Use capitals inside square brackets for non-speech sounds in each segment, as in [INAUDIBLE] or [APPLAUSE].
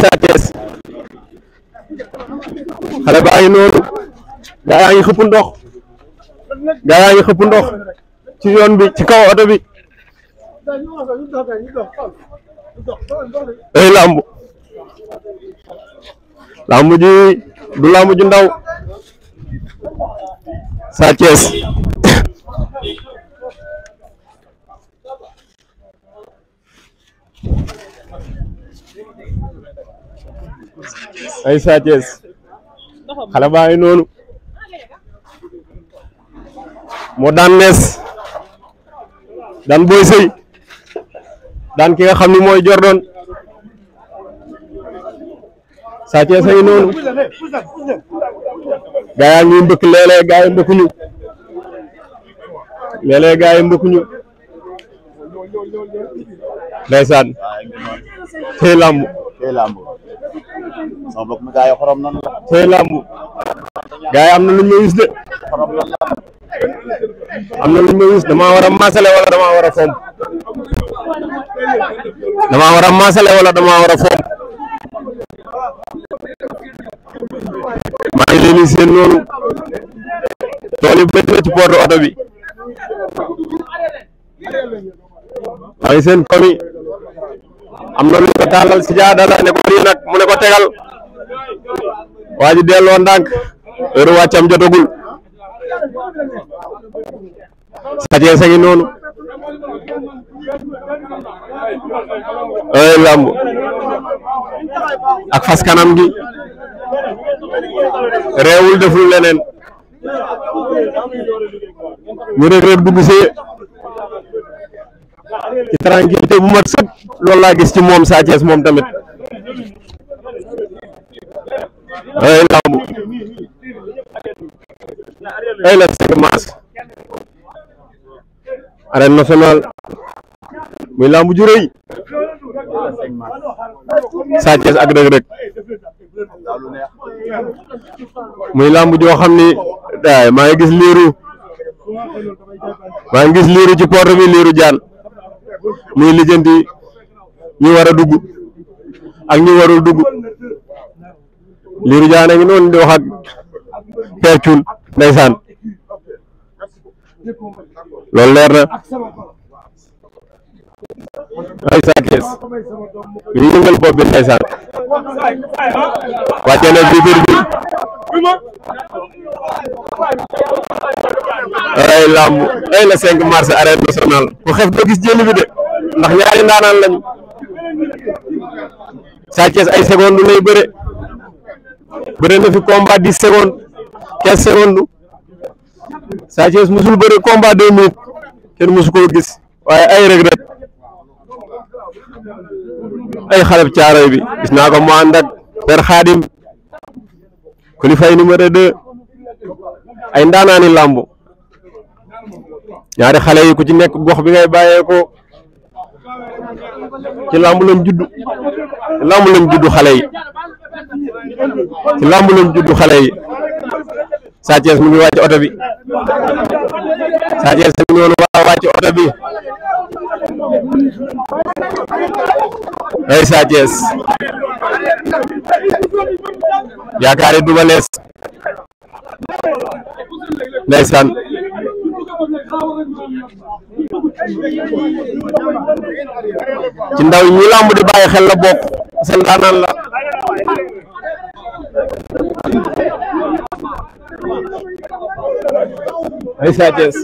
Sa Thiès xale baa ngi xëpp ndox gaa ndox ci yoon bi ci kaw oto bi ay lamb lamb ji du làmb ju ndaw Sa ay Sa Thiès xale baa ngi noonu moo daan nees daan Boy daan ki nga xam ni mooy Jordan Sa Thiès a ngi noonu gaa yaa ngi mbëkk léeg gaa yi mbëkkuñu léeg-léeg gaa yi mbëkkuñu ndeysaan tey làmb tey làmb am na lu ñu de am na lu ñu damaa war maasale wala damaa war a damaa war maasale wala damaa war a fomp maa ngi noonu tool yi na ci porte oto bi mooy seen komi am na lu ko tàllal si jaada la ne ko lii nag mu ne ko tegal waa ji delloo ndànk heure wàccam jotagul sacee sa ngi noonu ay lamb ak fas kanam gi réewul deful leneen ñu ne réew dugg ci tranquillité bu mat sëkk loolu laa gis ci moom Sa moom tamit ay lamb ay la Seck Maas arène nationale muy lamb ju rëy ak Reug Reug muy lamb joo xam ni maa ngi gis liiru maa ngi gis liiru ci porte bi liiru jaan muy lijjanti ñi war a dugg ak ñi warul dugg liiru jaan a ngi noonu di wax ak Père na ay saa kees ñu yëngal bopp bi ndeysaan ay làmb ay la cinq mars arène nationale ku xef doo gis de ndax ñaari ndaanaan lañu Sa Thiès ay secondes lay bëre bëre na fi combat dix secondes quinze secondes Sa Thiès musul bëre combat deux minutes kenn musu gis waaye ay Reug Reug ay xalab caaroy bi gis naa ko mu ànd ak Père Khadim kulifay numéro deux ay ndaanaani làmb ñaari xale yi ku ci nekk gox bi ngay bàyyee ci làmb lañ judd ci lañ judd xale yi ci làmb lañ judd xale yi Sa mu ngi wàcc oto bi Sa mu ngi woon oto bi ay Sa Thiès yaakaar yi Double Less ndeysaan ci ndaw ñi làmb di bàyyi xel la bokk seen daanaan la ay Sa Thiès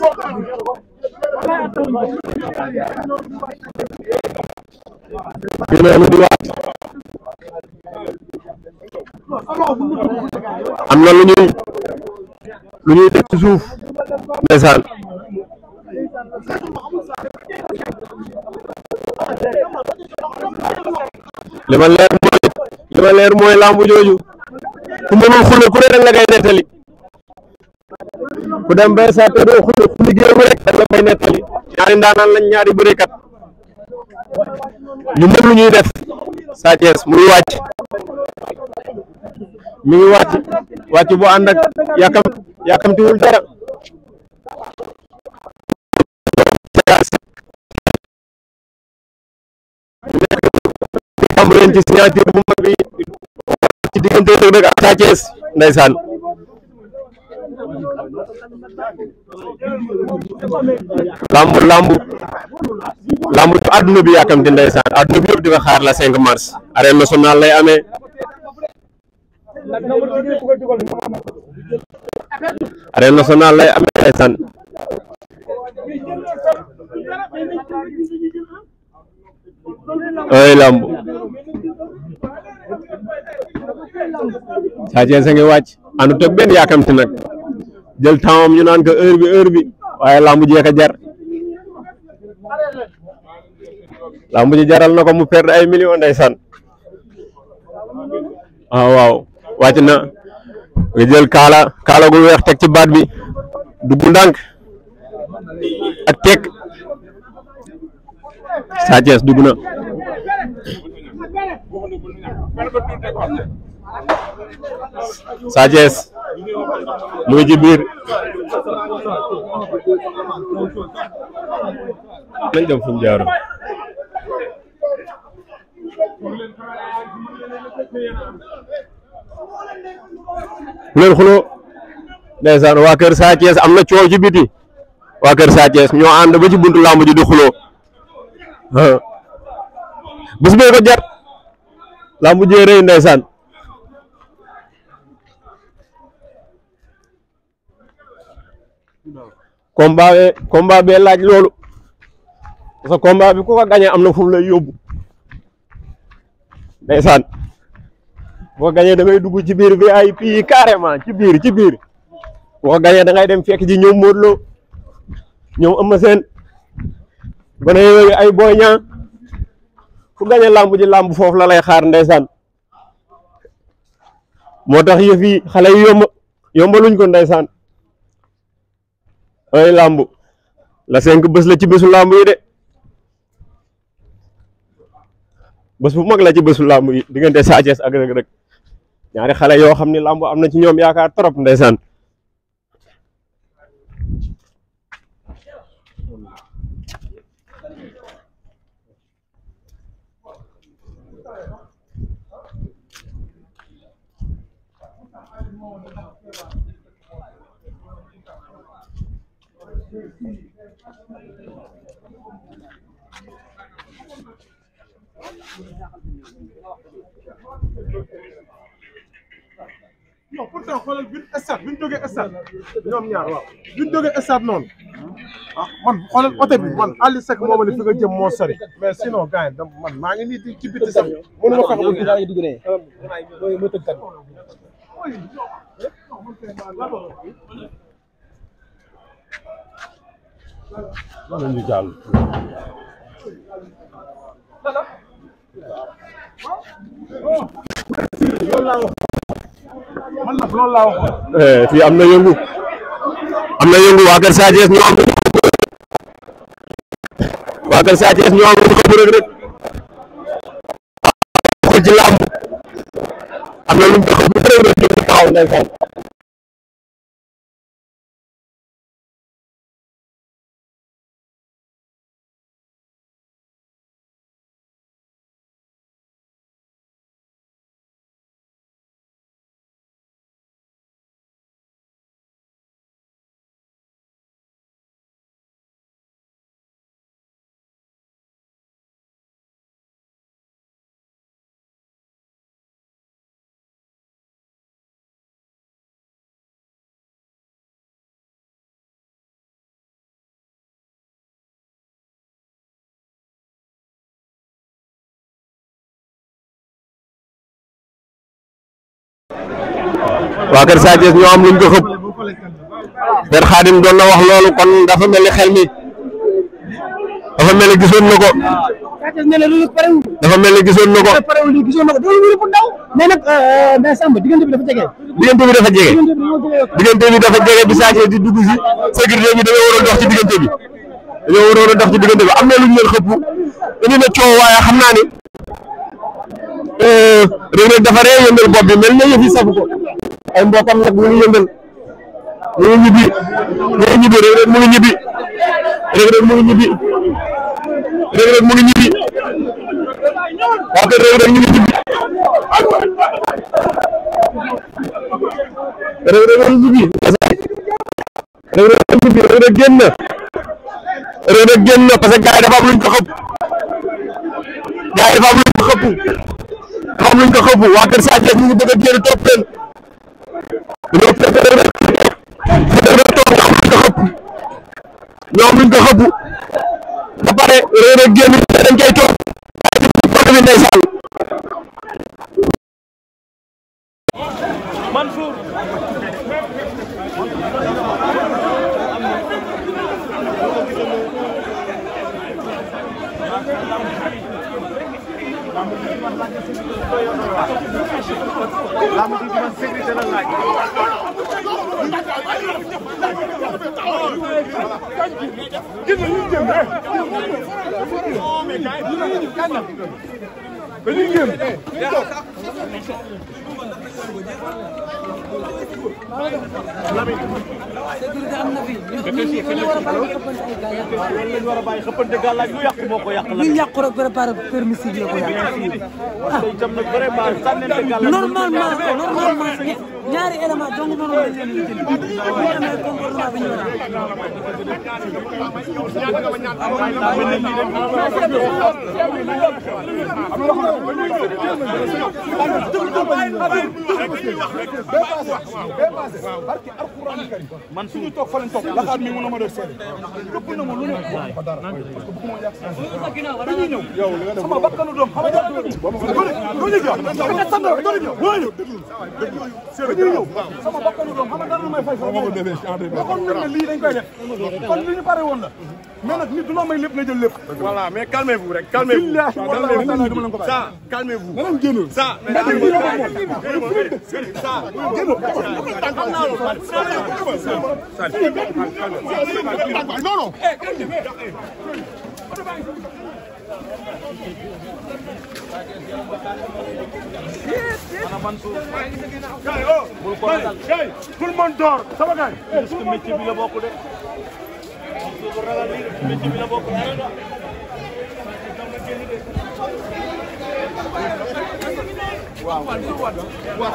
ñu noonu di waat am na lu ñuy lu ñuy def ci suuf ndeysaan li ma leer mooy li ma leer mooy làmb jooju ku mënul xule ku ne dañ nettali ku dem bay saa te doo xule xuli géew la ñaari ndaanaan lañ ñaari bërekat ñu mën lu ñuy def Sa Thiès muy wàcc mi ngi bu ànd ak yàkkam yàkkamtiwul dara ngeen ci signature bu mag bi ci diggante Reug Reug ak Sa Thiès ndeysaan lamb lamb lamb ci àdduna bi yàkkamti ndeysaan àdduna bi yëpp di ko xaar la 5 mars arène nationale lay amee arène nationale lay amee ndeysaan ay lamb Sa Thiès a ngi wàcc àndut ak benn yaakamti nag jël temps ñu naan ko heure bi waaye làmb jeex a jar làmb ji jaral na ko mu perdre ay millions day ah waaw wàcc na nga jël kaala kaala gu weex teg ci baat bi dugg ndànk ak teg dugg na Sa mu ngi ci biir nañ dem fu ñu jaaroon bu leen waa kër Sa am na coow ci biti waa kër Sa Thiès ñoo ànd ba ci buntu làmb di xuloo [LAUGHS] bés bee ko jar làmb jee rëy ndeysaan combat bee combat bee laaj loolu parce que combat bi ku ko gañee am na fu mu lay yóbbu ndeysaan boo gañee da ngay dugg ci biir bi ay pii carrément ci biir ci biir boo ko gañee dem fekk ji ñoom Modou Lo ñoom Eumeu Sène gone yooyu ay Boy Niang ku gañee làmb ji làmb foofu la lay xaar ndeysaan moo tax yëf xale yi yomb yombaluñ ko ndeysaan ay làmb la cinq bés la ci bésu làmb yi de bés bu mag la ci bésu làmb yi diggante Sa Thiès ak Reug Reug ñaari xale yoo xam ni làmb am na ci ñoom yaakaar trop ndeysaan Thank non pourtant xoolal bi stade bi ñu jógee stade ñoom ñaar waaw bi ñu noonu ah, man xoolal oto bi man Aliou moo ma ne fi nga jëm moo sori mais sinon gars yi maa ngi nii di ci biti sax mënuma ko xam nga dugg ne euh, mooy loolu la ñuy jàll. Eh, fii am na yëngu am na yëngu waa Kër Sa Thiès ñoo am waa Kër Sa Thiès ñoo am lu rek rek ci làmb am na lu mu taxaw waa kër Sa Thiès ñoo am luñ ko xëpp per Xaadim doon na wax loolu kon dafa mel ni xel mi dafa mel ni gisoon na ko dafa mel ni gisoon na ko diggante bi dafa jege diggante bi dafa jege bi Sa Thiès di dugg si sécurité bi dañoo waroon dox ci diggante bi dañoo waroon dox ci diggante bi am na luñ leen xëpp indi na coow waaye xam naa ni Reug Reug dafa ree yëngal bopp bi mel na yëf yi safu ko ay mbokam nag ñu ngi yëngal mu ngi ñibbi mu ngi ñibbi Reug Reug mu ngi ñibbi Reug waa kër Reug Reug ñu ngi ñibbi Reug Reug mu ngi ñibbi Reug mu ngi ñibbi dafa am luñ ko xëpp dafa am luñ ko waa kër Sa Thiès ñu ngi bëgg ñoom ñu ko xëpp ba pare réer ak génn dañ sécurité am na fi ñu war a bàyyi xëppante ay gàllankoor. loolu la ñu war a bàyyi xëppante gàllankoor ñu yàqu moo ko yàq la. ñu yàqu rek préparé permissive la ko yàq. ah normalement normalement. ñaari élément donc mënu ma leen leen jël bu amee comportement bi ñu war a man suñu toog fa lañ toog laxaat mi mënu ma def seede yëpp na ma lu ne ko dara parce que bëgguma yàq sa ñu ñëw sama bakkanu doom xam nga do ñu jox do ñu jox do ñu jox ñuy ñëw sama bakkanu doom xam nga dara lu may fay mais kon ñun ne lii dañ koy def kon li ñu pare woon la mais nag nit du loo may lépp nga jël lépp voilà mais calmez-vous rek calmez-vous ça calmez-vous ça non non bul ko ragal kay tout le monde door sama gaay est-ce que métier bi la bokk de bul ragal ni métier bi la bokk waaw waaw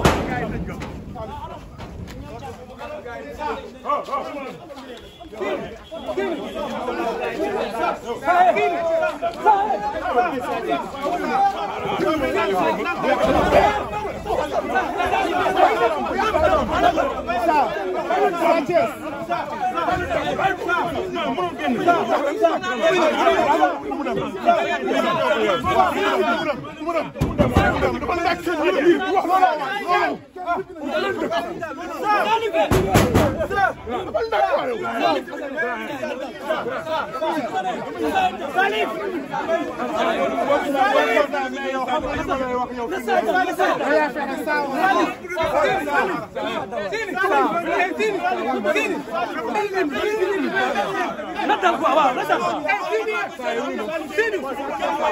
Mouram mouram mouram Nadal ko waaw nadal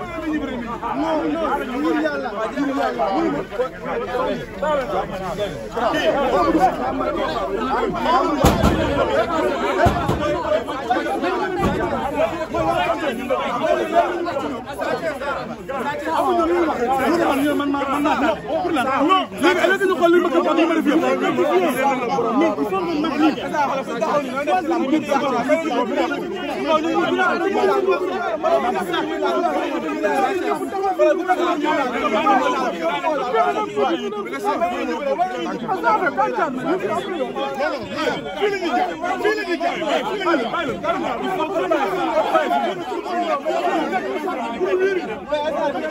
non non amuñu lu ñu wax man man man man non pour lan léegi léegi ñu xool li ma gëm ak li ma def yëpp mais il faut nga mag Thank you.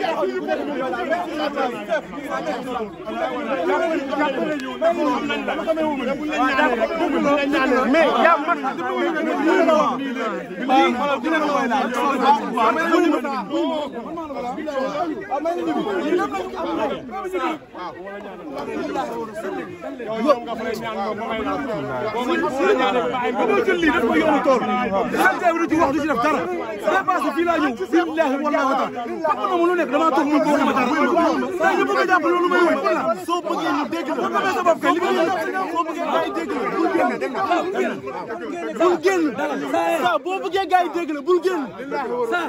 mais yaa man li dama toog muy boobu Matar saa ñu bëgg a jàpp loolu may wër soo bëggee ñu dégg la damay sa bopp kay li nga soo bëggee gars yi dégg la bul génn dégg nga bul génn saa boo bëggee gars yi dégg la bul génn saa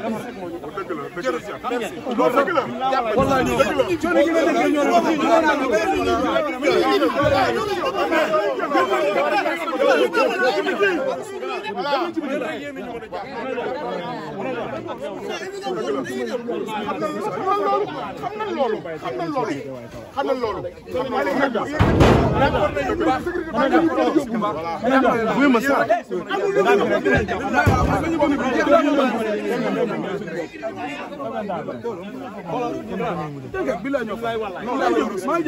xam na loolu waaw waaw waaw